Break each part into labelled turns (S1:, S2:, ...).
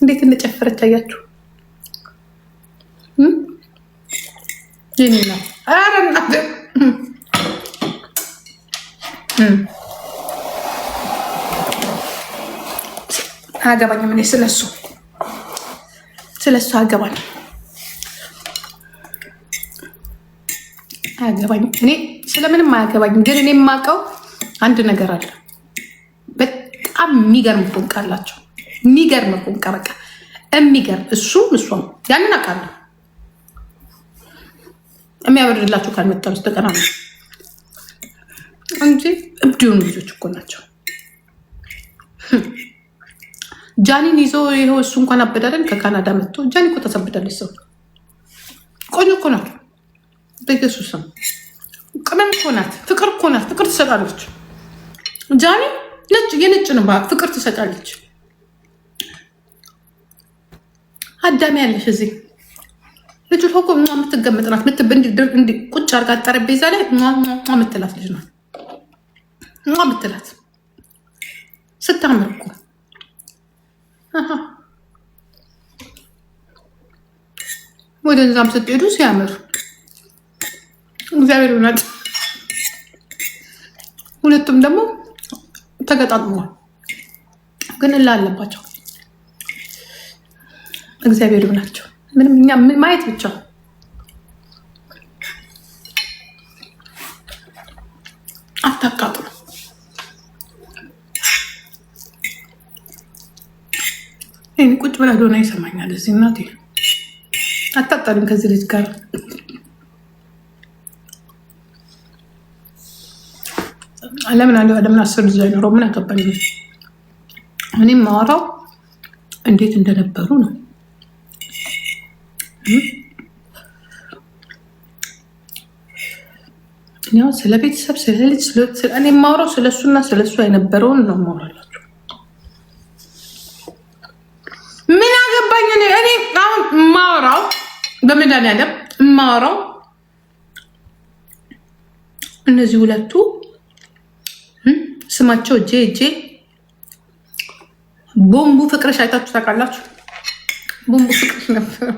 S1: እንዴት እንደጨፈረች አያችሁ? ይህና አገባኝ ምን ስለሱ ስለሱ አገባኝ አያገባኝ እኔ ስለምንም አያገባኝም። ግን እኔ የማውቀው አንድ ነገር አለ። በጣም የሚገርም ፎንቃ አላቸው። የሚገርም እኮ በቃ የሚገርም እሱም እሷም ያንን አቃለ የሚያበርድላቸው ካልመጣ ነው እንጂ እብድ የሆኑ ልጆች እኮ ናቸው። ጃኒን ይዞ ይኸው እሱ እንኳን አበዳለን ከካናዳ መጥቶ ጃኒ እኮ ተሰብዳለች። ሰው ቆንጆ እኮ ናት። በኢየሱስ ቅመም እኮ ናት። ፍቅር እኮ ናት። ፍቅር ትሰጣለች። ጃኒ ነጭ የነጭ ነው ፍቅር ትሰጣለች። አዳሚ ያለሽ እዚህ ልጁ ኮ የምትገመጥ ናት። ቁጭ አርጋ ጠረጴዛ ላይ ምትላት ልጅ ናት ምትላት ስታምር እኮ ወደዛም ስትሄዱ ሲያምር እግዚአብሔር ይሆናል። ሁለቱም ደግሞ ተገጣጥመዋል፣ ግን እላ አለባቸው እግዚአብሔር ይሆናቸው። ምንም እኛ ምን ማየት ብቻ አታቃጥሉ። ይህን ቁጭ ብላ ደሆነ ይሰማኛል። እዚህ እናቴ አታጣልም ከዚህ ልጅ ጋር ለምን አለ ለምን አስር ልጅ አይኖረው ምን አገባኝ። እኔም ማወራው እንዴት እንደነበሩ ነው። ያው ስለ ቤተሰብ ስለ ልጅ ስለ እኔ የማውራው ስለ እሱና ስለ እሱ የነበረውን ነው የማውራላችሁ። ምን አገባኝ እኔ አሁን የማወራው በመድኃኒዓለም የማወራው እነዚህ ሁለቱ ስማቸው እጄ እጄ ቦምቡ ፍቅረሽ አይታችሁ ታውቃላችሁ? ቦምቡ ፍቅረሽ ነበር።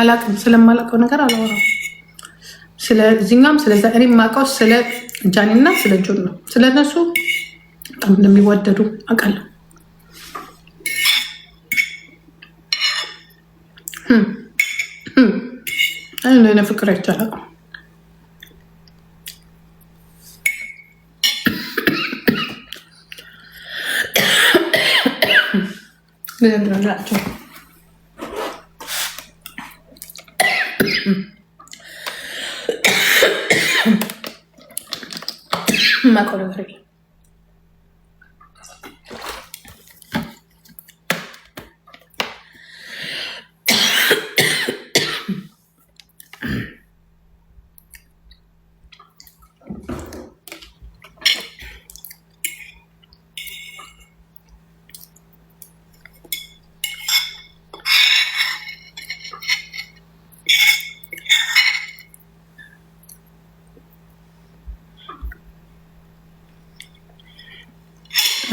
S1: አላቅም። ስለማላውቀው ነገር አላወራም። ስለዚህኛም ስለዛ እኔ የማውቀው ስለ ጃኒና ስለ ጆን ነው። ስለነሱ በጣም እንደሚወደዱ አውቃለሁ። እንደሆነ ፍቅር አይቻላል። ለምንድነው me acuerdo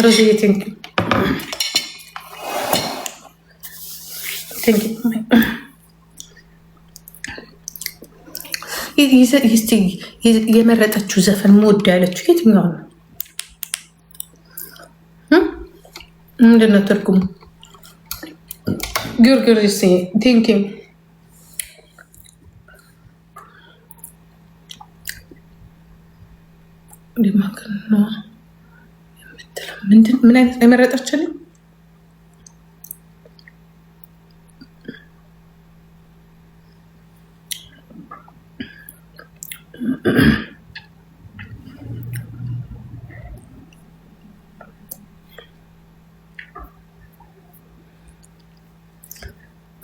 S1: What do you think? Thank you. እስቲ የመረጠችው ዘፈን መወድ ያለችው የትኛው ነው? ምንድን ነው ትርጉሙ? ጊዮርጊር ስ ቴንኪ ዲማክር ነው ምንድን ምን አይነት ነው የመረጠችልኝ?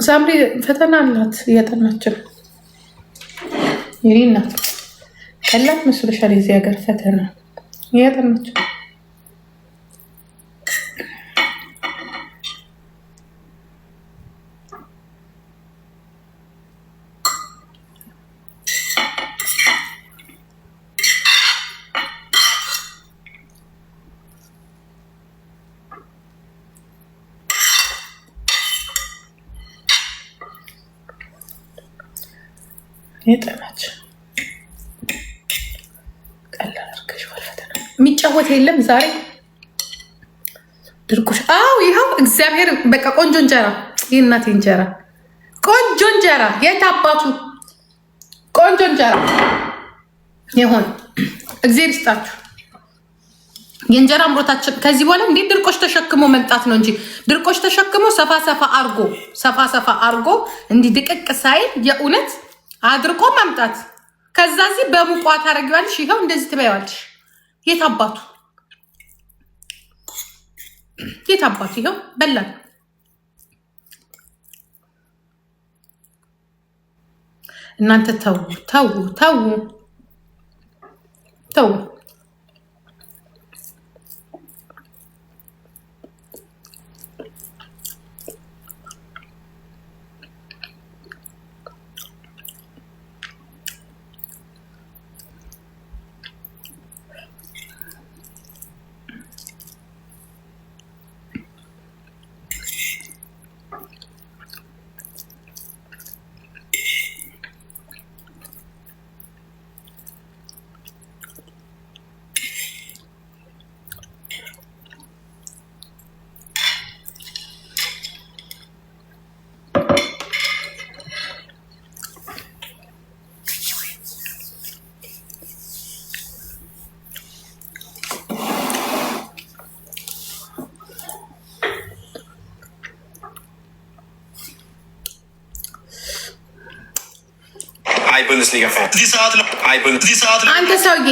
S1: ሳምሪ ፈተና አላት እያጠናች ነው። ይሪና ቀላል መስሎሻል? የዚህ ሀገር ፈተና እያጠናች የሚጫወት የለም ዛሬ ድርቆሽ። አዎ ይኸው እግዚአብሔር በቃ ቆንጆ እንጀራ፣ የእናቴ እንጀራ፣ ቆንጆ እንጀራ፣ የት አባቱ ቆንጆ እንጀራ ይሆን። እግዚአብሔር ይስጣችሁ። የእንጀራ አምሮታችን ከዚህ በኋላ እንዴት ድርቆች ተሸክሞ መምጣት ነው እንጂ ድርቆሽ ተሸክሞ ሰፋ ሰፋ አርጎ ሰፋ ሰፋ አርጎ እንዲህ ድቅቅ ሳይል የእውነት አድርቆ መምጣት። ከዛ ዚህ በሙቋ ታደርጊዋለሽ። ይኸው እንደዚህ ትበይዋለሽ። የት አባቱ የት አባቱ ይኸው በላን። እናንተ ተው ተው ተው? አንተ ሰውዬ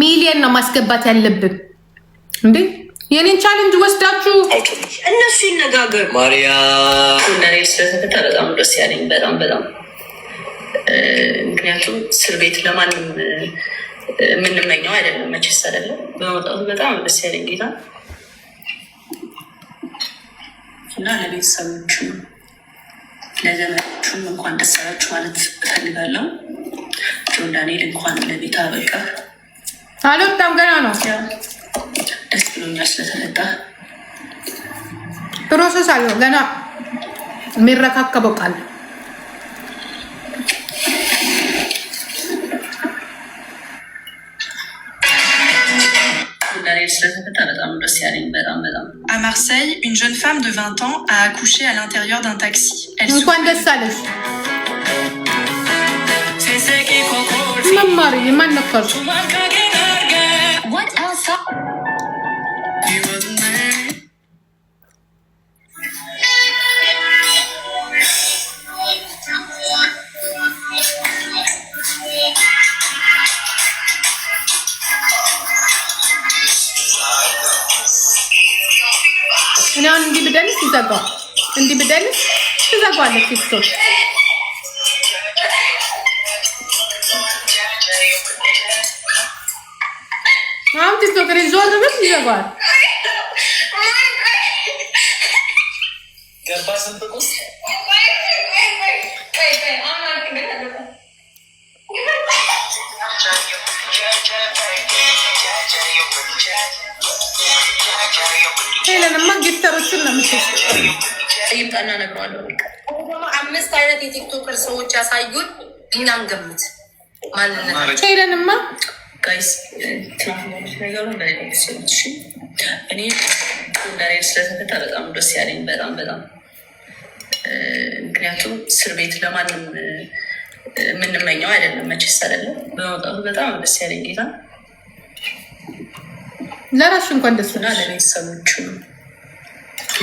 S1: ሚሊየን ነው ማስገባት ያለብን እንዴ? የኔን ቻሌንጅ ወስዳችሁ
S2: እነሱ ይነጋገሩ። ማርያም ስለተፈታ በጣም ደስ ያለኝ በጣም በጣም ምክንያቱም እስር ቤት ለማንም የምንመኘው አይደለም መቼስ አይደለም። በመውጣቱ በጣም ደስ ያለኝ ጌታ እና ለቤተሰቦች ነው ለዘመዶቹም እንኳን ደስ አላችሁ ማለት እፈልጋለሁ። ጆን ዳንኤል እንኳን ለቤት አበቃ።
S1: አልወጣም ገና ነው።
S2: ደስ ብሎኛል ስለተመጣ
S1: ፕሮሰስ አለው ገና የሚረካከበው ቃል
S2: la législation qatar بتعمل بس يعني بتعمل بتعمل
S3: À Marseille, une jeune femme de 20 ans a accouché à l'intérieur d'un taxi.
S1: Elle من كون داس سالس سيساكي كوكول ما مري What else እንዲህ ብደልስ ትዘጓለች ቲክቶክ። አሁን ቲክቶክ ዞር ብል ይዘጓል። ሄለንማ ጊፍተሮችን ነው የምትወስደው ጠይቀና ነግረዋለሁ። አምስት አይነት የቲክቶከር ሰዎች ያሳዩን፣ እኛም ገምት ማንነት ሄደንማ
S2: ጋይስ እኔ እንዳሬድ ስለተፈታ በጣም ደስ ያለኝ በጣም በጣም ምክንያቱም እስር ቤት ለማንም የምንመኘው አይደለም፣ መቼስ አይደለም። በመውጣቱ በጣም ደስ ያለኝ ጌታ
S1: ለራሱ እንኳን ደስ ና ለቤተሰቦቹ ነው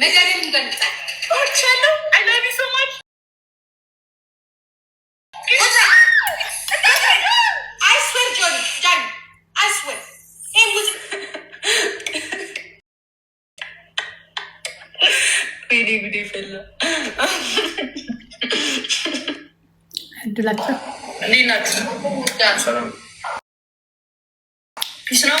S1: መዳሪም ይገልጣል። እወድሻለሁ። አይ ላቭ ዩ ሶ ማች ዱላቸው እንዴት ናችሁ? ፒስ ነው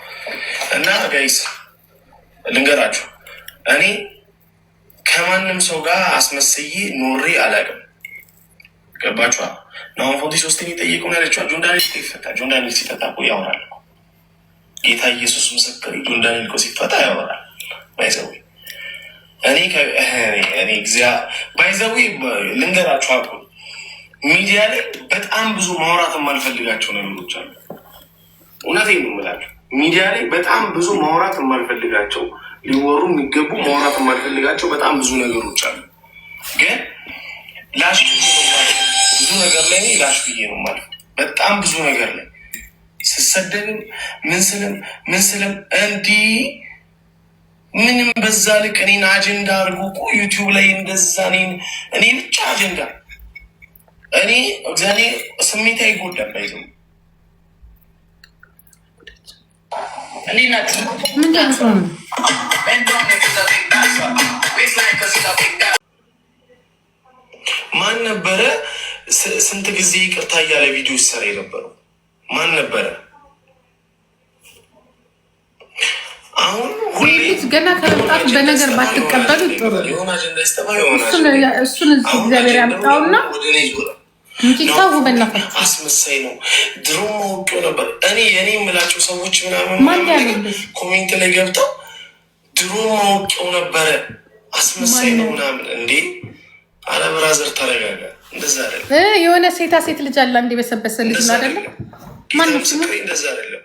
S4: እና ጋይስ ልንገራችሁ እኔ ከማንም ሰው ጋር አስመስዬ ኖሬ አላውቅም። ገባችኋል? ናሁን ፎርቲ ሶስት የጠየቀውን ያለችዋል። ጆን እኮ ይፈታ ጆን ዳንኤል ሲጠጣ እኮ ያወራል። ጌታ ኢየሱስ ምስክር፣ ጆን ዳንኤል እኮ ሲፈታ ያወራል። ባይዘዌ እኔ እግዚአ ባይዘዌ ልንገራችሁ አቁ ሚዲያ ላይ በጣም ብዙ ማውራት የማልፈልጋቸው ነገሮች አሉ። እውነቴን ነው የምላችሁ ሚዲያ ላይ በጣም ብዙ ማውራት የማልፈልጋቸው ሊወሩ የሚገቡ ማውራት የማልፈልጋቸው በጣም ብዙ ነገሮች አሉ። ግን ላሽ ብዙ ነገር ላይ ላሽ ብዬ ነው ማለት በጣም ብዙ ነገር ላይ ስሰደብም ምን ስልም ምን ስልም እንዲህ ምንም በዛ ልክ እኔን አጀንዳ አድርጎ እኮ ዩቲዩብ ላይ እንደዛ እኔን እኔ ብቻ አጀንዳ እኔ እግዚአብሔር ስሜት አይጎዳም ማን ነበረ? ስንት ጊዜ ይቅርታ እያለ ቪዲዮ ይሰራ የነበረው ማን ነበረ?
S1: አሁን ገና ከመምጣቱ በነገር ባትቀበሉ ጥሩ። እሱን እግዚአብሔር ያምጣውና
S4: አስመሳይ ነው። ድሮ ማወቂው ነበር። እኔ የኔ የምላቸው ሰዎች ምናምን ኮሜንት ላይ ገብተው ድሮ ማወቂው ነበረ አስመሳይ ነው ምናምን። እንዴ አረ ብራዘር ተረጋጋ። እንደዛ አይደለም
S1: የሆነ ሴታ ሴት ልጅ አለ እንዴ በሰበሰ ልጅ ነው አይደለም።
S4: እንደዛ አይደለም።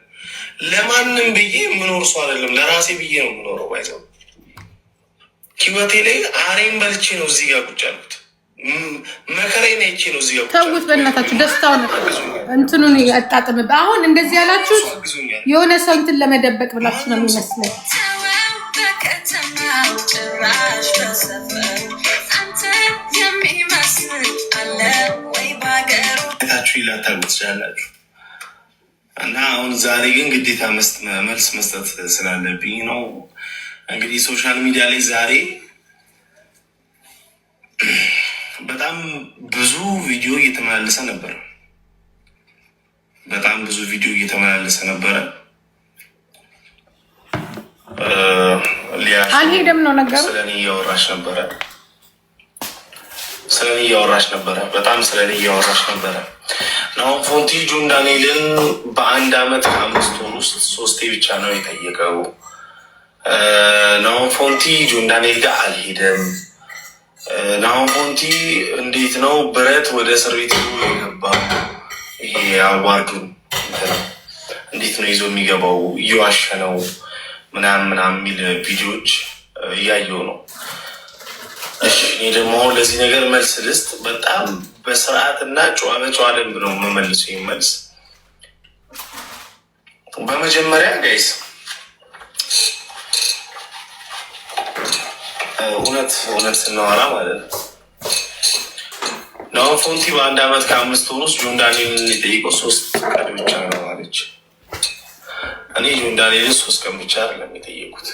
S4: ለማንም ብዬ የምኖር ሰው አይደለም። ለራሴ ብዬ ነው የምኖረው። ባይዘው ህይወቴ ላይ አሬን በልቼ ነው እዚህ ጋር ቁጭ ያልኩት። መከራዬን አይቼ ነው እዚህ ያው
S1: ተውት፣ በእናታችሁ ደስታውን እንትኑን ያጣጥም። አሁን እንደዚህ ያላችሁት የሆነ ሰው እንትን ለመደበቅ ብላችሁ ነው የሚመስለኝ።
S4: እና አሁን ዛሬ ግን ግዴታ መልስ መስጠት ስላለብኝ ነው እንግዲህ ሶሻል ሚዲያ ላይ ዛሬ በጣም ብዙ ቪዲዮ እየተመላለሰ ነበረ። በጣም ብዙ ቪዲዮ እየተመላለሰ ነበረ።
S1: አልሄደም ነው ነገሩ።
S4: ስለኔ እያወራሽ ነበረ፣ ስለኔ እያወራሽ ነበረ፣ በጣም ስለኔ እያወራሽ ነበረ። ናሆም ፎንቲ ጁን ዳንኤልን በአንድ አመት ከአምስት ወር ውስጥ ሶስቴ ብቻ ነው የጠየቀው። ናሆም ፎንቲ ጁን ዳንኤል ጋር አልሄደም ናሆም ፎንቲ እንዴት ነው ብረት ወደ እስር ቤት ይዞ የገባው? ይሄ አዋርዱን እንዴት ነው ይዞ የሚገባው? እየዋሸ ነው ምናምን ምናምን የሚል ቪዲዮዎች እያየው ነው። እኔ ደግሞ አሁን ለዚህ ነገር መልስ ልስጥ። በጣም እና ጨዋ በጨዋ ደንብ ነው የምመልሰው መልስ። በመጀመሪያ ጋይስ እውነት እውነት ስናወራ ማለት ነው። ናሆም ፎንቲ በአንድ አመት ከአምስት ወር ውስጥ ጆን ዳንኤልን የጠየቀው ሶስት ቀን ብቻ ነው አለች። እኔ ጆን ዳንኤልን ሶስት ቀን ብቻ አይደለም የጠየቁት።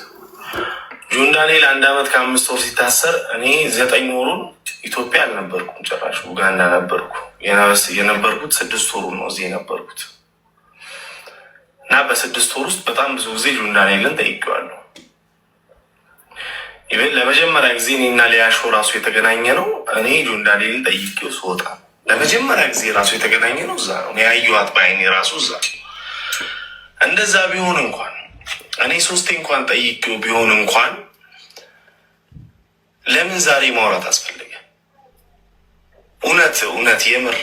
S4: ጆን ዳንኤል አንድ አመት ከአምስት ወር ሲታሰር እኔ ዘጠኝ ወሩን ኢትዮጵያ አልነበርኩም፣ ጭራሽ ኡጋንዳ ነበርኩ። የነበርኩት ስድስት ወሩ ነው እዚህ የነበርኩት እና በስድስት ወር ውስጥ በጣም ብዙ ጊዜ ጆን ዳንኤልን ጠይቄዋለሁ። ኢቨን ለመጀመሪያ ጊዜ እኔና ሊያሾ ራሱ የተገናኘ ነው። እኔ ጆንዳሌን ጠይቄው ስወጣ ለመጀመሪያ ጊዜ ራሱ የተገናኘ ነው። እዛ ነው ያየኋት በአይኔ ራሱ እዛ። እንደዛ ቢሆን እንኳን እኔ ሶስቴ እንኳን ጠይቄው ቢሆን እንኳን ለምን ዛሬ ማውራት አስፈለገ? እውነት እውነት የምር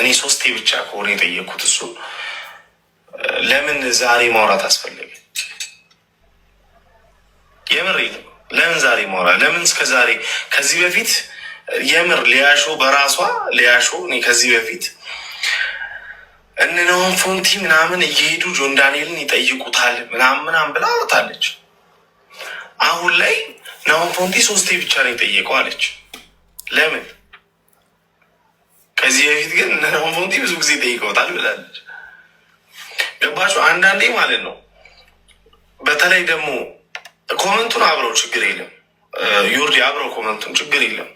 S4: እኔ ሶስቴ ብቻ ከሆነ የጠየኩት እሱ ለምን ዛሬ ማውራት አስፈለገ? የምር ለምን ዛሬ ማውራት? ለምን እስከ ዛሬ ከዚህ በፊት የምር ሊያሾ በራሷ ሊያሾ ከዚህ በፊት እንነውን ፎንቲ ምናምን እየሄዱ ጆን ዳንኤልን ይጠይቁታል ምናምን ምናምን ብላ አውርታለች። አሁን ላይ ናሆም ፎንቲ ሶስቴ ብቻ ነው የጠየቀው አለች። ለምን ከዚህ በፊት ግን እነ ናሆም ፎንቲ ብዙ ጊዜ ጠይቀውታል ብላለች። ገባችሁ? አንዳንዴ ማለት ነው በተለይ ደግሞ ኮመንቱን አብረው ችግር የለም ዮርዲ አብረው ኮመንቱን ችግር የለም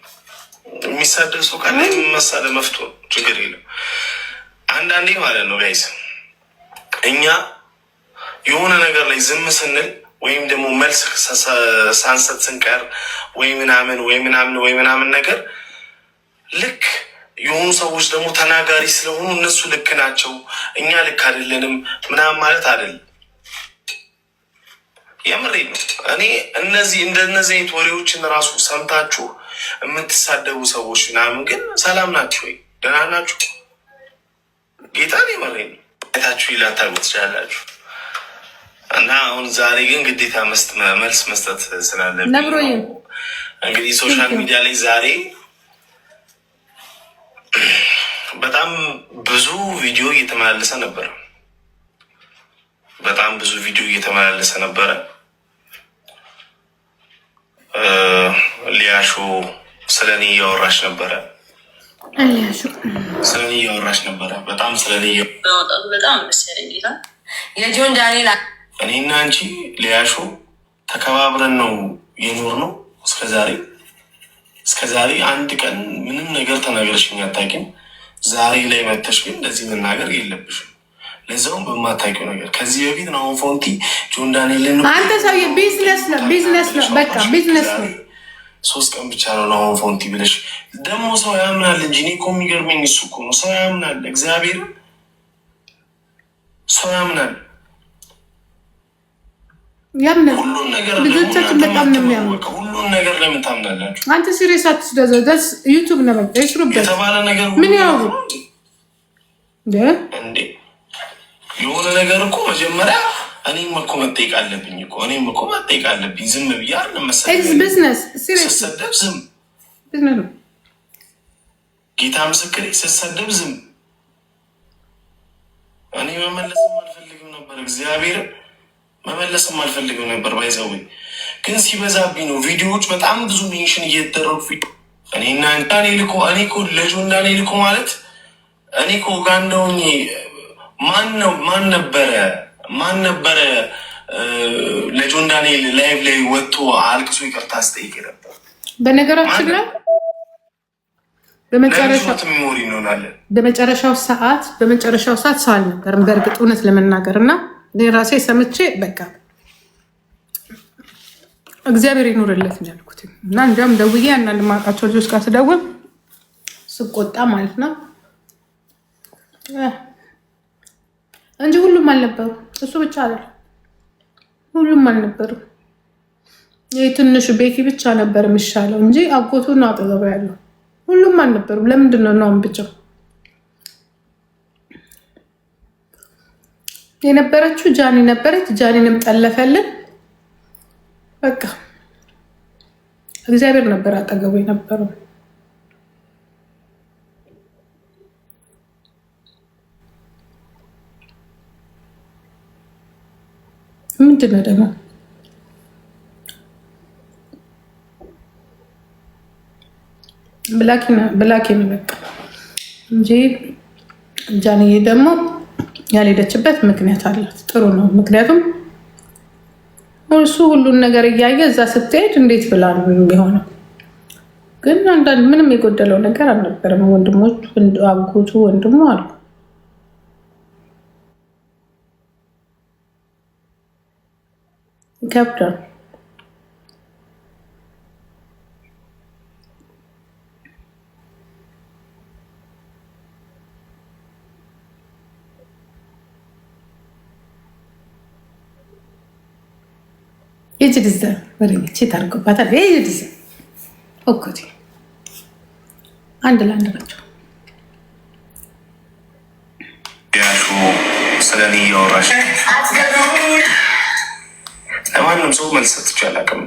S4: የሚሳደብ ሰው ካለ መሳደብ መፍቶ ችግር የለም። አንዳንዴ ማለት ነው ጋይስ እኛ የሆነ ነገር ላይ ዝም ስንል ወይም ደግሞ መልስ ሳንሰጥ ስንቀር ወይ ምናምን ወይ ምናምን ወይ ምናምን ነገር ልክ የሆኑ ሰዎች ደግሞ ተናጋሪ ስለሆኑ እነሱ ልክ ናቸው እኛ ልክ አይደለንም ምናምን ማለት አይደለም። የምሬ ነው። እኔ እነዚህ እንደነዚህ አይነት ወሬዎችን ራሱ ሰምታችሁ የምትሳደቡ ሰዎች ምናምን ግን ሰላም ናችሁ ወይ ደህና ናችሁ? ጌታን የምሬ ነው። አይታችሁ ይላታሉ ትችላላችሁ። እና አሁን ዛሬ ግን ግዴታ መልስ መስጠት ስላለብኝ እንግዲህ ሶሻል ሚዲያ ላይ ዛሬ በጣም ብዙ ቪዲዮ እየተመላለሰ ነበረ። በጣም ብዙ ቪዲዮ እየተመላለሰ ነበረ። ሊያሹ ስለኔ እያወራሽ ነበረ። ስለኔ እያወራሽ ነበረ። በጣም ስለ እኔ
S1: በጣም የጆን ዳንኤል
S4: እኔና አንቺ ሊያሹ ተከባብረን ነው የኖር ነው እስከዛሬ እስከዛሬ አንድ ቀን ምንም ነገር ተናገርሽኝ አታውቂም። ዛሬ ላይ መተሽ ግን እንደዚህ መናገር የለብሽም። ለዛውም በማታውቂው ነገር ከዚህ በፊት ነው። ፎንቲ ጆን ዳንኤልን
S1: አንተ ሰውዬ ቢዝነስ ነው ቢዝነስ ነው በቃ ቢዝነስ ነው።
S4: ሶስት ቀን ብቻ ነው ነው ፎንቲ ብለሽ ደግሞ ሰው ያምናል እንጂ እኔ እኮ የሚገርመኝ እሱ እኮ ነው። ሰው ያምናል፣ እግዚአብሔር ሰው ያምናል፣
S1: ያምናል። ሁሉን ነገር ለምን ታምናላችሁ? አንተ ሲሪየስ አትስደዘ ደስ ዩቱብ ነው በቃ የተባለ ነገር ምን ያው እንዴ
S4: የሆነ ነገር እኮ መጀመሪያ እኔም እኮ መጠየቅ አለብኝ እኮ እኔም እኮ መጠየቅ አለብኝ። ዝም ብዬ
S1: ስሰደብ ዝም፣
S4: ጌታ ምስክሬ፣ ስሰደብ ዝም። እኔ መመለስም አልፈልግም ነበር፣ እግዚአብሔር መመለስም አልፈልግም ነበር። ባይዘዌ ግን ሲበዛብኝ ነው። ቪዲዮዎች በጣም ብዙ ሜንሽን እየተደረጉ እኔና እንዳኔ ልኮ እኔ እኮ ለጆ እንዳኔ ልኮ ማለት እኔ እኮ ጋር ማን ማን ነበረ ማን ነበረ ለጆን ዳንኤል ላይቭ ላይ ወጥቶ አልቅሶ ይቅርታ አስጠይቅ ነበር።
S1: በነገራችን ላይ በመጨረሻው ሰዓት በመጨረሻው ሰዓት ሰው አልነበርም። በእርግጥ እውነት ለመናገር እና ራሴ ሰምቼ በቃ እግዚአብሔር ይኖርለት ነው ያልኩት እና እንዲያውም ደውዬ አንዳንድ ማውቃቸው ልጆች ጋር ስደውል ስቆጣ ማለት ነው እንጂ ሁሉም አልነበሩ። እሱ ብቻ አለ፣ ሁሉም አልነበሩ። ይህ ትንሹ ቤኪ ብቻ ነበር የሚሻለው እንጂ አጎቱ ነው አጠገቡ ያለው። ሁሉም አልነበሩም። ለምንድን ነው ነው ብቻው የነበረችው ጃኒ ነበረች። ጃኒንም ጠለፈልን። በቃ እግዚአብሔር ነበር አጠገቡ የነበረው። ምንድን ነው ደግሞ ብላኪ ነው በቃ እንጂ ጃንዬ ደግሞ ያልሄደችበት ምክንያት አላት። ጥሩ ነው። ምክንያቱም እሱ ሁሉን ነገር እያየ እዛ ስትሄድ እንዴት ብላ ቢሆነው ግን አንዳንድ ምንም የጎደለው ነገር አልነበረም። ወንድሞቹ አጎቱ ወንድሙ አሉ ይከብዳል። የጅድዘ ወደች ታርጎባታል። የጅድዘ እኮቴ አንድ ለአንድ ናቸው። ስለ እኔ እያወራሽ ለማንም ሰው መልስ ሰጥቼ አላውቅም።